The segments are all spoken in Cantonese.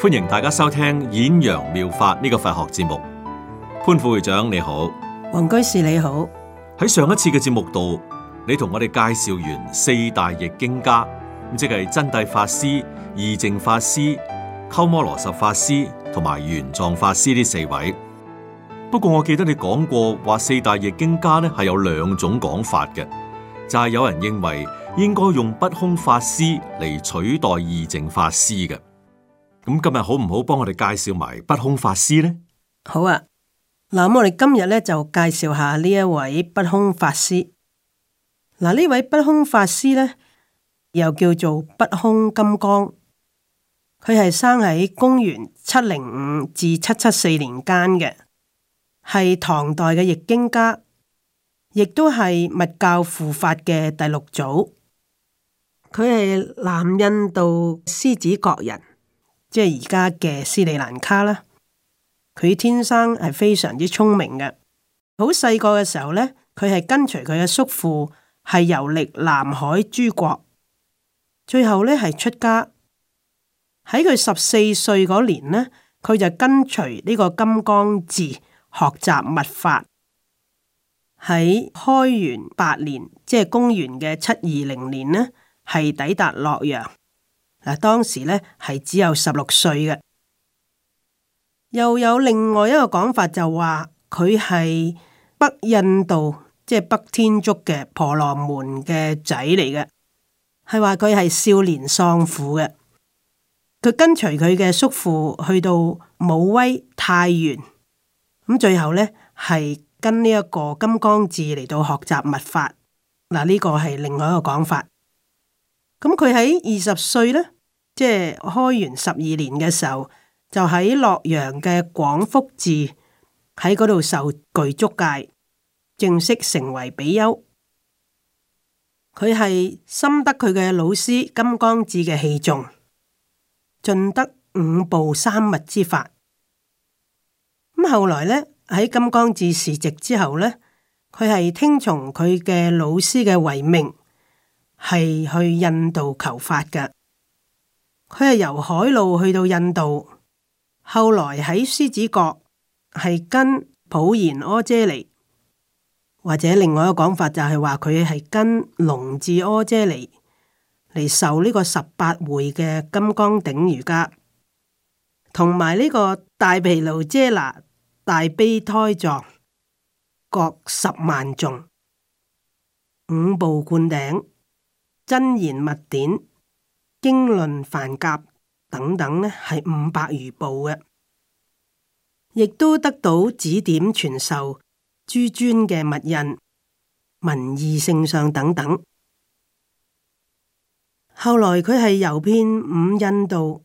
歡迎大家收聽演揚妙，妙法呢、這個佛學節目。潘副會長你好，王居士你好。喺上一次嘅節目度，你同我哋介紹完四大譯經家，即係真諦法師、義淨法師、鳩摩羅什法師同埋玄奘法師呢四位。不過我記得你講過話四大譯經家呢係有兩種講法嘅，就係、是、有人認為應該用不空法師嚟取代義淨法師嘅。咁今日好唔好幫我哋介紹埋不空法師呢？好啊，嗱，我哋今日咧就介紹下呢一位不空法師。嗱，呢位不空法師呢，又叫做不空金剛，佢係生喺公元七零五至七七四年間嘅，係唐代嘅譯經家，亦都係密教付法嘅第六祖。佢係南印度獅子國人。即係而家嘅斯里蘭卡啦，佢天生係非常之聰明嘅。好細個嘅時候呢，佢係跟隨佢嘅叔父係遊歷南海諸國，最後呢，係出家。喺佢十四歲嗰年呢，佢就跟隨呢個金剛智學習密法。喺開元八年，即係公元嘅七二零年呢，係抵達洛陽。嗱，當時咧係只有十六歲嘅，又有另外一個講法就話佢係北印度，即係北天竺嘅婆羅門嘅仔嚟嘅，係話佢係少年喪父嘅，佢跟隨佢嘅叔父去到武威太原，咁最後呢，係跟呢一個金剛智嚟到學習密法。嗱，呢個係另外一個講法。咁佢喺二十歲呢，即係開元十二年嘅時候，就喺洛陽嘅廣福寺喺嗰度受具足戒，正式成為比丘。佢係深得佢嘅老師金剛智嘅器重，盡得五部三密之法。咁後來咧喺金剛智逝世之後呢，佢係聽從佢嘅老師嘅遺命。係去印度求法嘅，佢係由海路去到印度，後來喺獅子國係跟普賢阿闍梨，或者另外一個講法就係話佢係跟龍智阿闍梨嚟，受呢個十八會嘅金剛頂瑜伽，同埋呢個大毗盧遮那、大悲胎藏各十萬眾五部灌頂，真言密典、經論梵夾等等呢係五百餘部嘅，亦都得到指點傳授。諸尊嘅密印文義聖相等等，後來佢係遊遍五印度，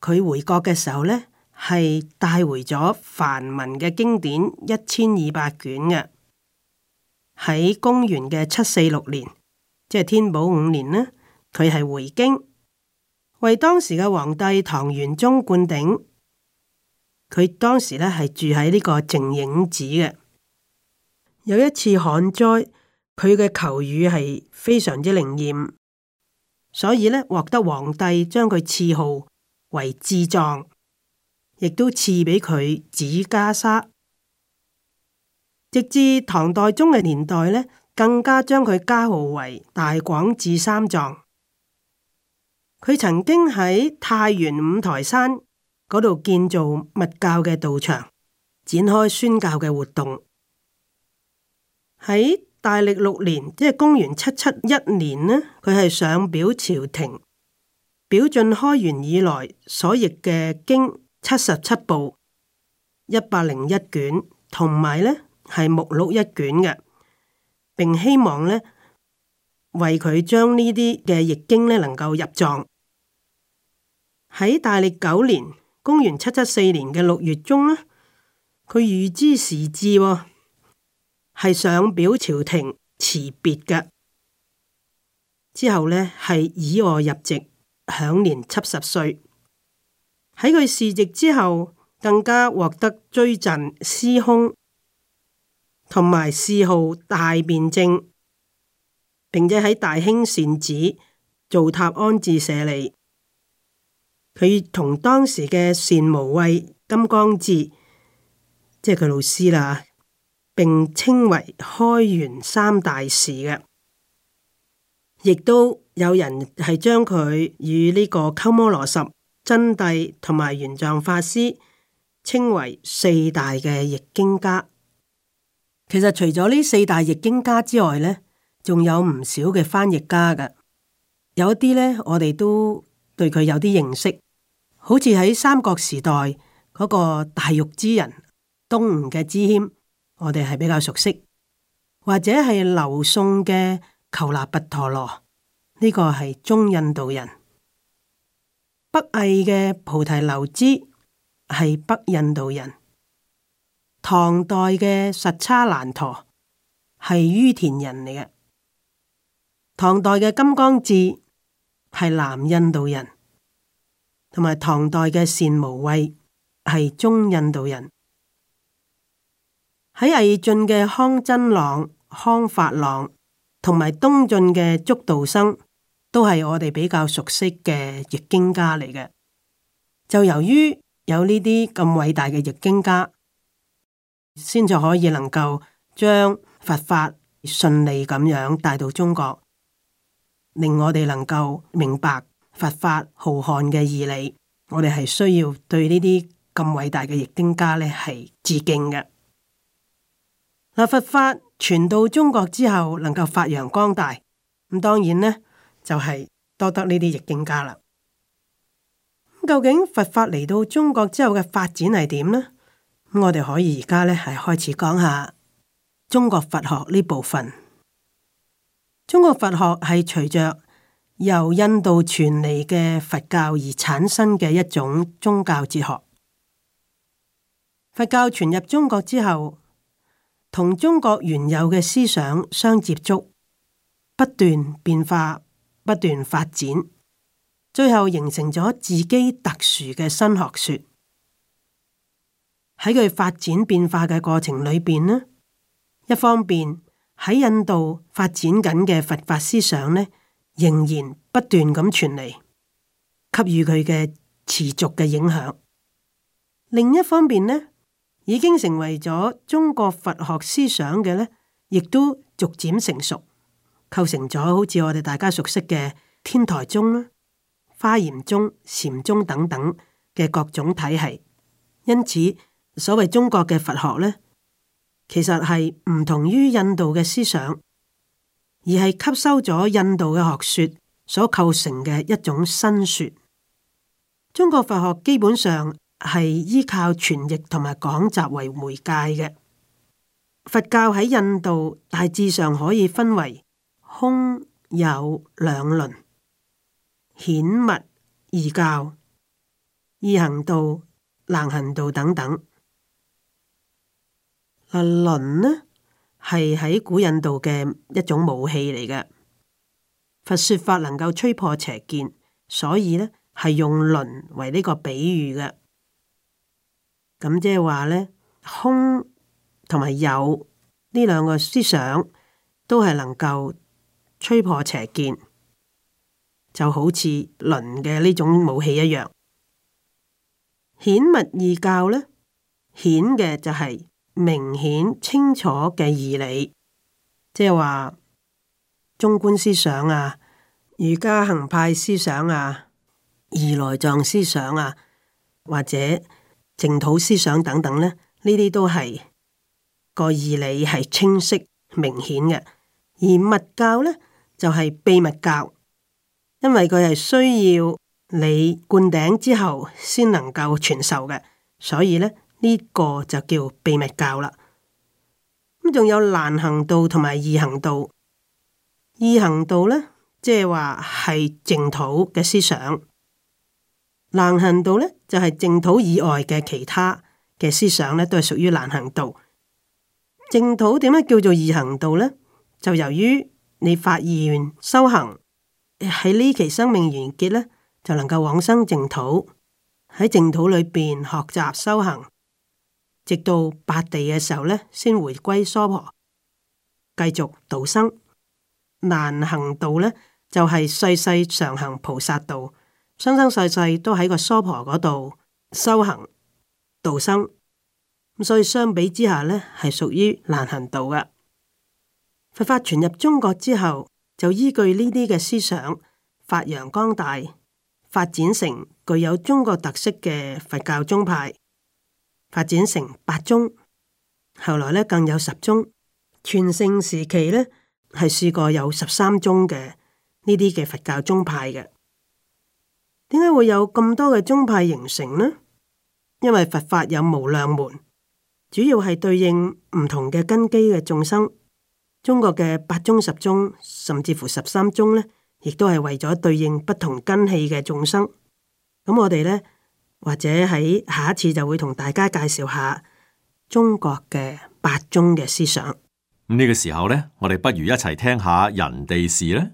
佢回國嘅時候呢，係帶回咗梵文嘅經典一千二百卷嘅，喺公元嘅七四六年。即係天寶五年呢佢係回京，為當時嘅皇帝唐玄宗灌頂。佢當時呢係住喺呢個靜影寺嘅。有一次旱災，佢嘅求雨係非常之靈驗，所以呢獲得皇帝將佢賜號為智藏，亦都賜俾佢紫袈裟。直至唐代宗嘅年代呢。更加將佢加號為大廣智三藏。佢曾經喺太原五台山嗰度建造密教嘅道場，展開宣教嘅活動。喺大歷六年，即係公元七七一年呢，佢係上表朝廷，表進開元以來所譯嘅經七十七部，一百零一卷，同埋呢係目錄一卷嘅。並希望呢，為佢將呢啲嘅譯經呢能夠入藏。喺大曆九年（公元七七四年）嘅六月中呢，佢預知時至、哦，係上表朝廷辭別嘅。之後呢，係以臥入寂，享年七十歲。喺佢逝世之後，更加獲得追贈司空。同埋嗜好大辯證，並且喺大興善寺造塔安置舍利。佢同當時嘅善無畏、金剛智，即係佢老師啦，並稱為開元三大士嘅，亦都有人係將佢與呢個鳩摩羅什、真諦同埋玄奘法師稱為四大嘅譯經家。其實除咗呢四大譯經家之外呢，仲有唔少嘅翻譯家㗎，有啲呢，我哋都對佢有啲認識，好似喺三國時代嗰、那個大月支人東吳嘅支謙，我哋係比較熟悉，或者係劉宋嘅求那跋陀羅呢，這個係中印度人，北魏嘅菩提流支係北印度人。唐代嘅實叉難陀係于闐人嚟嘅，唐代嘅金剛智係南印度人，同埋唐代嘅善無畏係中印度人。喺魏晉嘅康真朗、康法郎，同埋東晉嘅竺道生，都係我哋比較熟悉嘅譯經家嚟嘅。就由於有呢啲咁偉大嘅譯經家。先就可以能夠將佛法順利咁樣帶到中國，令我哋能夠明白佛法浩瀚嘅義理。我哋係需要對呢啲咁偉大嘅譯經家咧係致敬嘅。嗱，佛法傳到中國之後，能夠發揚光大，咁當然呢，就係多得呢啲譯經家啦。究竟佛法嚟到中國之後嘅發展係點呢？我哋可以而家呢，係開始講下中國佛學呢部分。中國佛學係隨着由印度傳嚟嘅佛教而產生嘅一種宗教哲學。佛教傳入中國之後，同中國原有嘅思想相接觸，不斷變化，不斷發展，最後形成咗自己特殊嘅新學說。喺佢發展變化嘅過程裏邊呢，一方面喺印度發展緊嘅佛法思想呢，仍然不斷咁傳嚟，給予佢嘅持續嘅影響；另一方面呢，已經成為咗中國佛學思想嘅呢，亦都逐漸成熟，構成咗好似我哋大家熟悉嘅天台宗啦、華嚴宗、禪宗等等嘅各種體系，因此，所謂中國嘅佛學呢，其實係唔同於印度嘅思想，而係吸收咗印度嘅學說所構成嘅一種新說。中國佛學基本上係依靠傳譯同埋講習為媒介嘅。佛教喺印度大致上可以分為空有兩輪、顯密二教、易行道、難行道等等。啊，輪呢係喺古印度嘅一種武器嚟嘅。佛說法能夠吹破邪見，所以呢，係用輪為呢個比喻嘅。咁即係話呢，空同埋有呢兩個思想都係能夠吹破邪見，就好似輪嘅呢種武器一樣。顯密二教呢，顯嘅就係、是。明顯清楚嘅義理，即係話中觀思想啊、瑜伽行派思想啊、如來藏思想啊，或者淨土思想等等咧，呢啲都係個義理係清晰明顯嘅。而密教咧就係、是、秘密教，因為佢係需要你灌頂之後先能夠傳授嘅，所以咧。呢個就叫秘密教啦。咁仲有難行道同埋易行道。易行道呢，即係話係淨土嘅思想；難行道呢，就係、是、淨土以外嘅其他嘅思想呢，都係屬於難行道。淨土點樣叫做易行道呢？就由於你發願修行，喺呢期生命完結呢，就能夠往生淨土。喺淨土裏邊學習修行。直到八地嘅時候咧，先回歸娑婆，繼續度生。難行道咧，就係、是、世世常行菩薩道，生生世世都喺個娑婆嗰度修行度生。咁所以相比之下咧，係屬於難行道嘅。佛法傳入中國之後，就依據呢啲嘅思想發揚光大，發展成具有中國特色嘅佛教宗派。發展成八宗，後來咧更有十宗。全盛時期咧係試過有十三宗嘅呢啲嘅佛教宗派嘅。點解會有咁多嘅宗派形成呢？因為佛法有無量門，主要係對應唔同嘅根基嘅眾生。中國嘅八宗、十宗，甚至乎十三宗呢，亦都係為咗對應不同根器嘅眾生。咁我哋呢。或者喺下一次就會同大家介紹下中國嘅八宗嘅思想。呢個時候呢，我哋不如一齊聽下人哋事呢，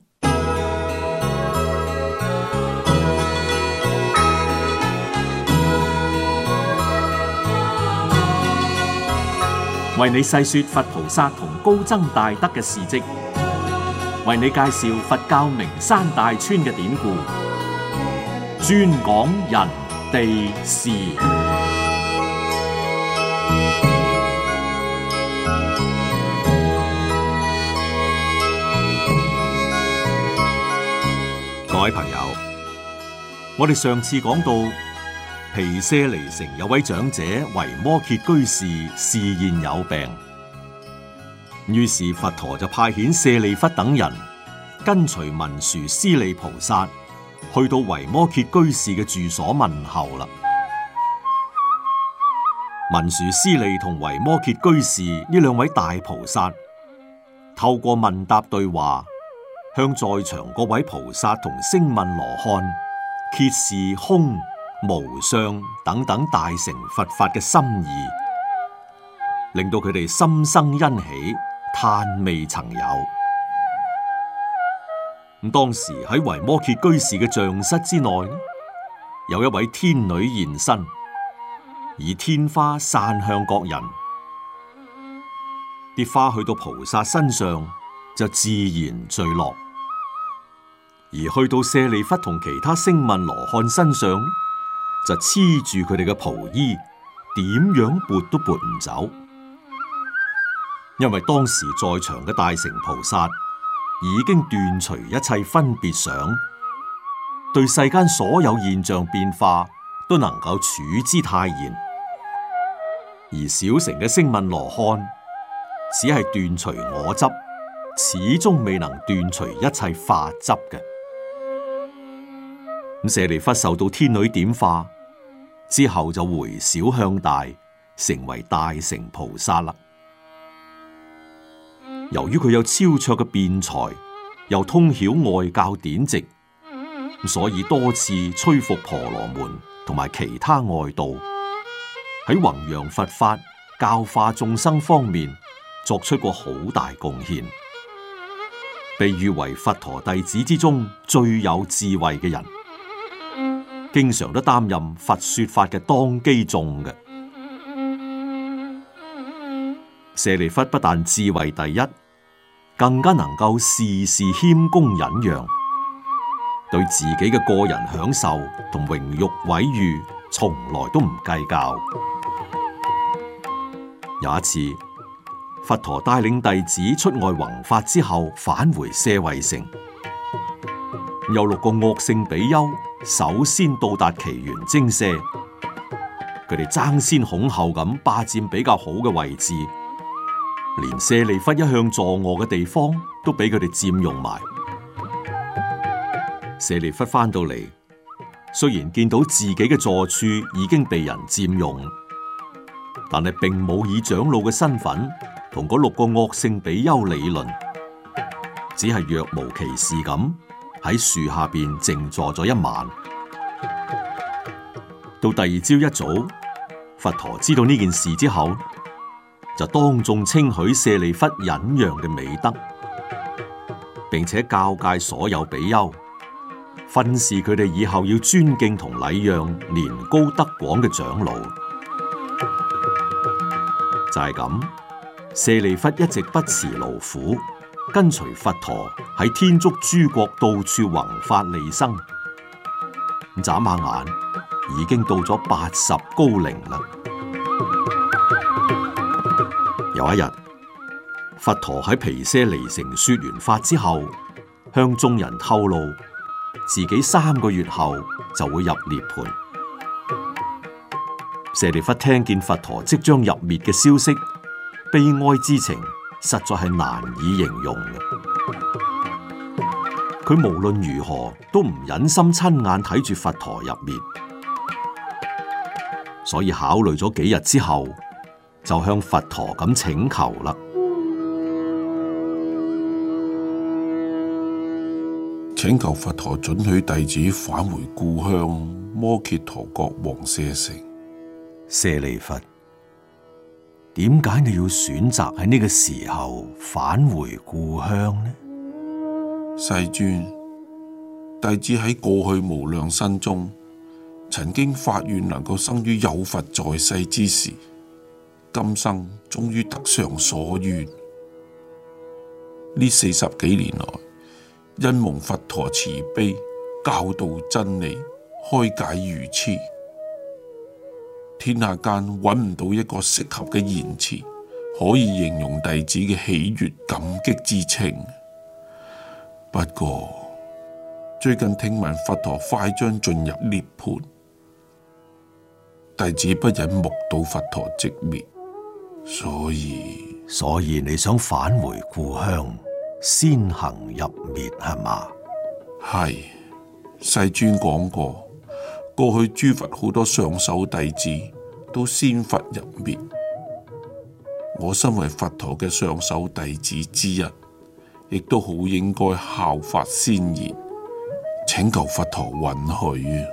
為你細説佛菩薩同高僧大德嘅事蹟，為你介紹佛教名山大川嘅典故，專講人。地是，各位朋友，我哋上次講到，毗舍離城有位長者維摩詰居士，示現有病，於是佛陀就派遣舍利弗等人跟隨文殊師利菩薩。去到維摩詰居士嘅住所問候啦。文殊師利同維摩詰居士呢兩位大菩薩，透過問答對話，向在場各位菩薩同聲聞羅漢，揭示空無相等等大乘佛法嘅心意，令到佢哋心生欣喜，嘆未曾有。咁當時喺維摩詰居士嘅像室之內，有一位天女現身，以天花散向各人，啲花去到菩薩身上就自然墜落，而去到舍利弗同其他聲聞羅漢身上，就黐住佢哋嘅袍衣，點樣撥都撥唔走，因為當時在場嘅大乘菩薩。已經斷除一切分別想，對世間所有現象變化都能夠處之泰然。而小乘嘅聲聞羅漢，只係斷除我執，始終未能斷除一切法執嘅。咁舍利弗受到天女點化之後，就回小向大，成為大乘菩薩啦。由於佢有超卓嘅辯才，又通曉外教典籍，所以多次催服婆羅門同埋其他外道，喺弘揚佛法、教化眾生方面作出過好大貢獻，被譽為佛陀弟子之中最有智慧嘅人，經常都擔任佛說法嘅當機眾嘅。舍利弗不但智慧第一，更加能夠事事謙恭忍讓，對自己嘅個人享受同榮辱毀譽，從來都唔計較。有一次，佛陀帶領弟子出外弘法之後，返回舍衛城，有六個惡性比丘首先到達祇園精舍，佢哋爭先恐後咁霸佔比較好嘅位置。連舍利弗一向坐臥嘅地方都俾佢哋佔用埋。舍利弗返到嚟，雖然見到自己嘅座處已經被人佔用，但係並冇以長老嘅身份同嗰六個惡性比丘理論，只係若無其事咁喺樹下邊靜坐咗一晚。到第二朝一早，佛陀知道呢件事之後。就當眾稱許舍利弗忍讓嘅美德，並且教戒所有比丘，訓示佢哋以後要尊敬同禮讓年高德廣嘅長老。就係、是、咁，舍利弗一直不辭勞苦，跟隨佛陀喺天竺諸國到處弘法利生。眨下眼，已經到咗八十高齡啦。有一日，佛陀喺皮舍離城說完法之後，向眾人透露自己三個月後就會入涅槃。舍利弗聽見佛陀即將入滅嘅消息，悲哀之情實在係難以形容。佢無論如何都唔忍心親眼睇住佛陀入滅，所以考慮咗幾日之後，就向佛陀咁請求啦！請求佛陀准許弟子返回故鄉摩揭陀國王舍城。舍利弗，點解你要選擇喺呢個時候返回故鄉呢？世尊，弟子喺過去無量身中，曾經發願能夠生於有佛在世之時。今生終於得償所願。呢四十幾年來，因蒙佛陀慈悲，教導真理，開解愚痴，天下間揾唔到一個適合嘅言辭，可以形容弟子嘅喜悅感激之情。不過最近聽聞佛陀快將進入涅槃，弟子不忍目睹佛陀寂滅。所以，所以你想返回故鄉，先行入滅係嘛？係，世尊講過，過去諸佛好多上首弟子都先佛入滅。我身為佛陀嘅上首弟子之一，亦都好應該效法先言，請求佛陀允許。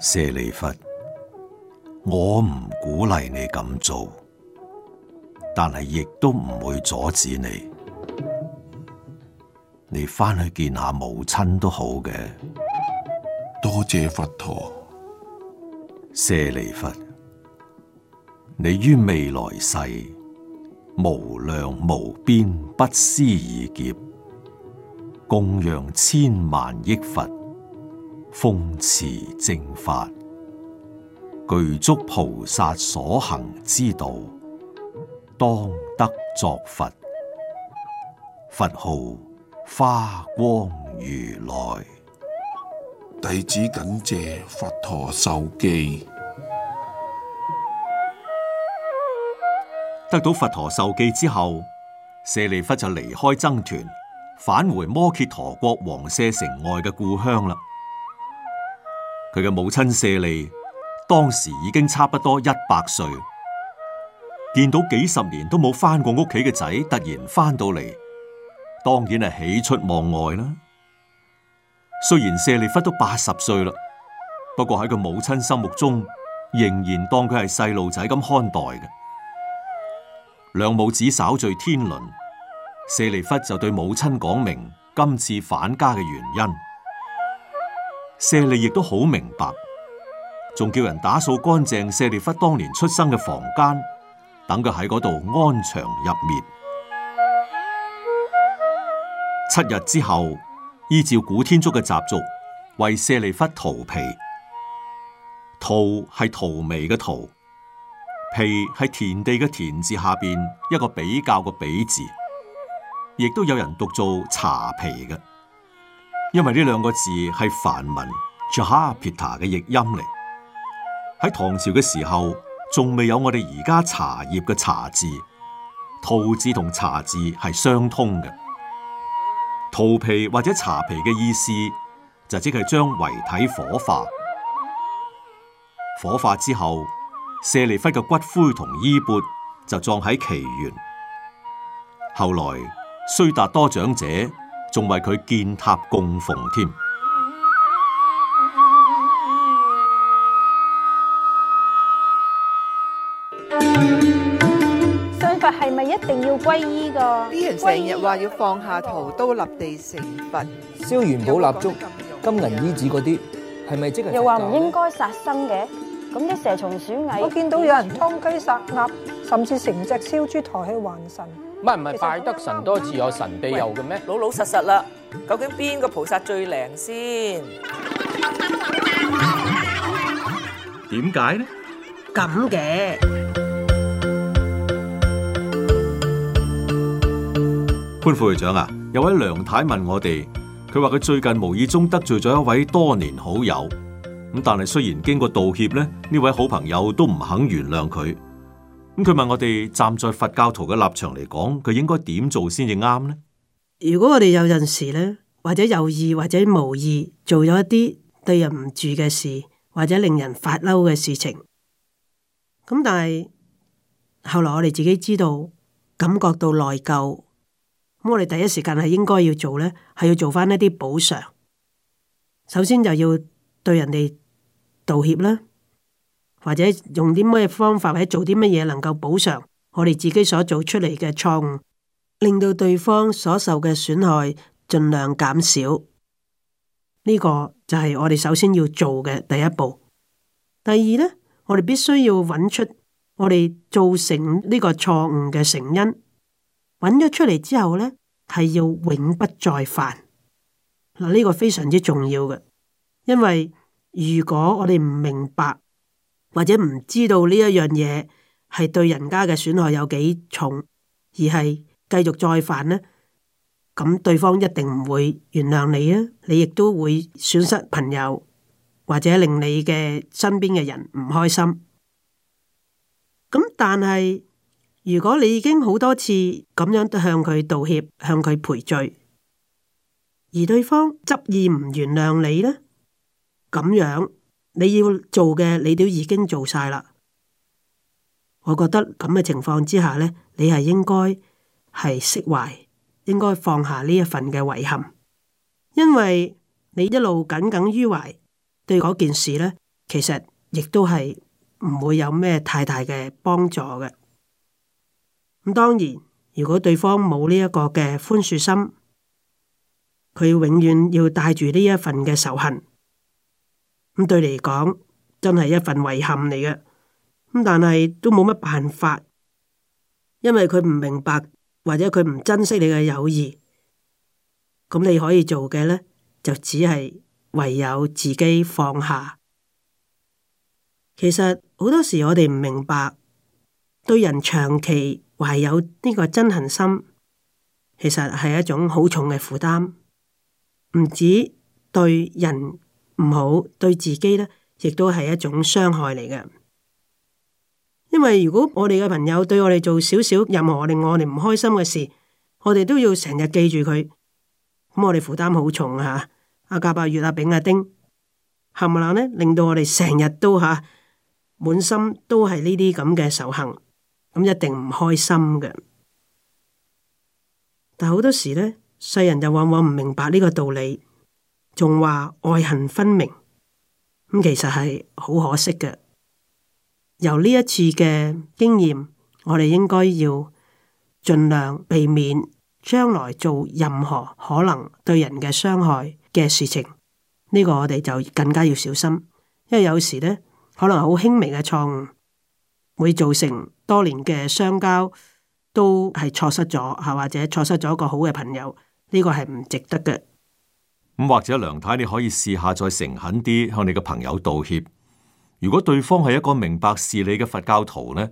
舍利弗，我唔鼓勵你咁做。但係亦都唔會阻止你，你翻去見下母親都好嘅。多謝佛陀。舍利弗，你於未來世無量無邊不思議劫，供養千萬億佛，奉持正法，具足菩薩所行之道。當得作佛，佛號花光如來。弟子感謝佛陀授記。得到佛陀授記之後，舍利弗就離開僧團，返回摩揭陀國王舍城外嘅故鄉啦。佢嘅母親舍、舍利當時已經差不多一百歲。見到幾十年都冇翻過屋企嘅仔突然翻到嚟，當然係喜出望外啦。雖然舍利弗都八十歲啦，不過喺佢母親心目中仍然當佢係細路仔咁看待嘅。兩母子稍聚天倫，舍利弗就對母親講明今次返家嘅原因。舍利亦都好明白，仲叫人打掃乾淨舍利弗當年出生嘅房間，等佢喺嗰度安詳入滅。七日之後，依照古天竺嘅習俗，為舍利弗荼毗。荼係荼蘼嘅荼，皮係田地嘅田字下邊一個比較嘅比字，亦都有人讀做茶皮嘅，因為呢兩個字係梵文 jhapita 嘅譯音嚟。喺唐朝嘅時候，仲未有我哋而家茶葉嘅茶字，荼字同茶字係相通嘅。荼毗或者茶毗嘅意思，就即係將遺體火化。火化之後，舍利弗嘅骨灰同衣缽就葬喺祇園。後來，須達多長者仲為佢建塔供奉添。要皈依噶，成日話要放下屠刀立地成佛，燒元寶蠟燭、金銀衣紙嗰啲，係咪即係？又話唔應該殺生嘅，咁啲蛇蟲鼠蟻，我見到有人劏雞殺鴨，甚至成隻燒豬抬去還神，唔係唔係拜得神多自有神庇佑嘅咩？老老實實啦，究竟邊個菩薩最靈先？點解呢？咁嘅。潘副會長啊，有位梁太問我哋，佢話佢最近無意中得罪咗一位多年好友咁，但係雖然經過道歉咧，呢位好朋友都唔肯原諒佢。咁佢問我哋站在佛教徒嘅立場嚟講，佢應該點做先至啱呢？如果我哋有陣時咧，或者有意或者無意做咗一啲對人唔住嘅事，或者令人發嬲嘅事情，咁但係後來我哋自己知道，感覺到內疚。咁我哋第一時間係應該要做呢，係要做翻一啲補償。首先就要對人哋道歉啦，或者用啲咩方法或者做啲乜嘢能夠補償我哋自己所做出嚟嘅錯誤，令到對方所受嘅損害盡量減少。呢個就係我哋首先要做嘅第一步。第二呢，我哋必須要揾出我哋造成呢個錯誤嘅成因。揾咗出嚟之後呢，係要永不再犯嗱，呢個非常之重要嘅。因為如果我哋唔明白或者唔知道呢一樣嘢係對人家嘅損害有幾重，而係繼續再犯呢，咁對方一定唔會原諒你啊！你亦都會損失朋友或者令你嘅身邊嘅人唔開心。咁但係。如果你已經好多次咁樣向佢道歉，向佢賠罪，而對方執意唔原諒你呢，咁樣你要做嘅，你都已經做晒啦。我覺得咁嘅情況之下呢，你係應該係釋懷，應該放下呢一份嘅遺憾，因為你一路耿耿於懷，對嗰件事呢，其實亦都係唔會有咩太大嘅幫助嘅。咁當然，如果對方冇呢一個嘅寬恕心，佢永遠要帶住呢一份嘅仇恨，咁對你嚟講真係一份遺憾嚟嘅。咁但係都冇乜辦法，因為佢唔明白或者佢唔珍惜你嘅友誼。咁你可以做嘅呢，就只係唯有自己放下。其實好多時我哋唔明白。對人長期懷有呢個憎恨心，其實係一種好重嘅負擔，唔止對人唔好，對自己咧，亦都係一種傷害嚟嘅。因為如果我哋嘅朋友對我哋做少少任何令我哋唔開心嘅事，我哋都要成日記住佢，咁我哋負擔好重吓、啊。阿甲、阿乙、阿丙、阿丁，冚唪唥咧，呢令到我哋成日都吓、啊、滿心都係呢啲咁嘅仇恨。咁一定唔開心嘅，但好多時呢，世人就往往唔明白呢個道理，仲話愛恨分明，咁其實係好可惜嘅。由呢一次嘅經驗，我哋應該要盡量避免將來做任何可能對人嘅傷害嘅事情。呢個我哋就更加要小心，因為有時呢，可能好輕微嘅錯誤。會造成多年嘅相交都係錯失咗，吓或者錯失咗一個好嘅朋友，呢個係唔值得嘅。咁或者梁太，你可以試下再誠懇啲向你嘅朋友道歉。如果對方係一個明白事理嘅佛教徒呢，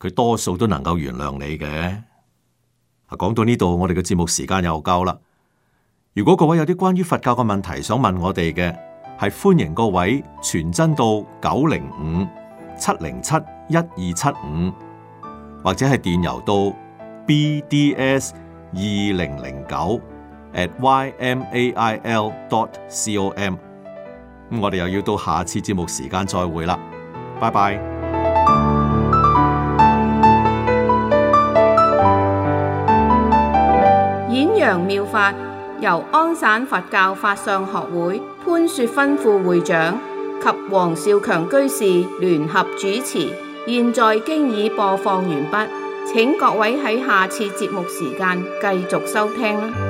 佢多數都能夠原諒你嘅。啊，講到呢度，我哋嘅節目時間又夠啦。如果各位有啲關於佛教嘅問題想問我哋嘅，係歡迎各位傳真到九零五七零七一二七五，或者係電郵到 bds 二零零九 at ymail dot com。咁我哋又要到下次節目時間再會啦，拜拜。演揚妙法由安省佛教法相學會潘雪芬副會長及黃少強居士聯合主持。現在經已播放完畢，請各位喺下次節目時間繼續收聽啦。